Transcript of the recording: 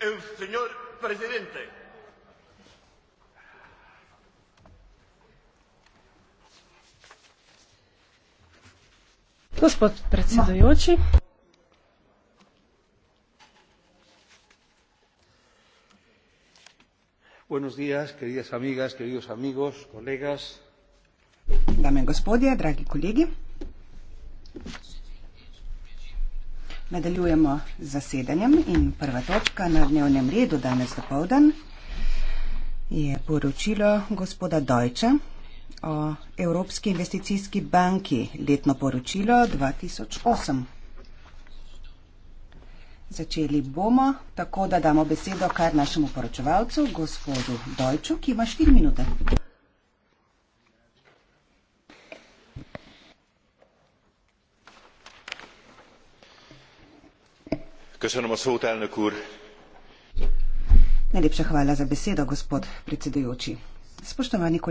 el señor presidente. Gospod predsedujoči. Buenos días, queridas amigas, queridos amigos, colegas. Dame gospodje, dragi kolegi. Nadaljujemo z zasedanjem in prva točka na dnevnem redu danes do povdan je poročilo gospoda Dojča o Evropski investicijski banki letno poročilo 2008. Začeli bomo tako, da damo besedo kar našemu poročevalcu, gospodu Dojču, ki ima 4 minute. najlepša hvala za besedo gospod predsedujoči spoštovani kolegi in kolegice poslanke in poslanci!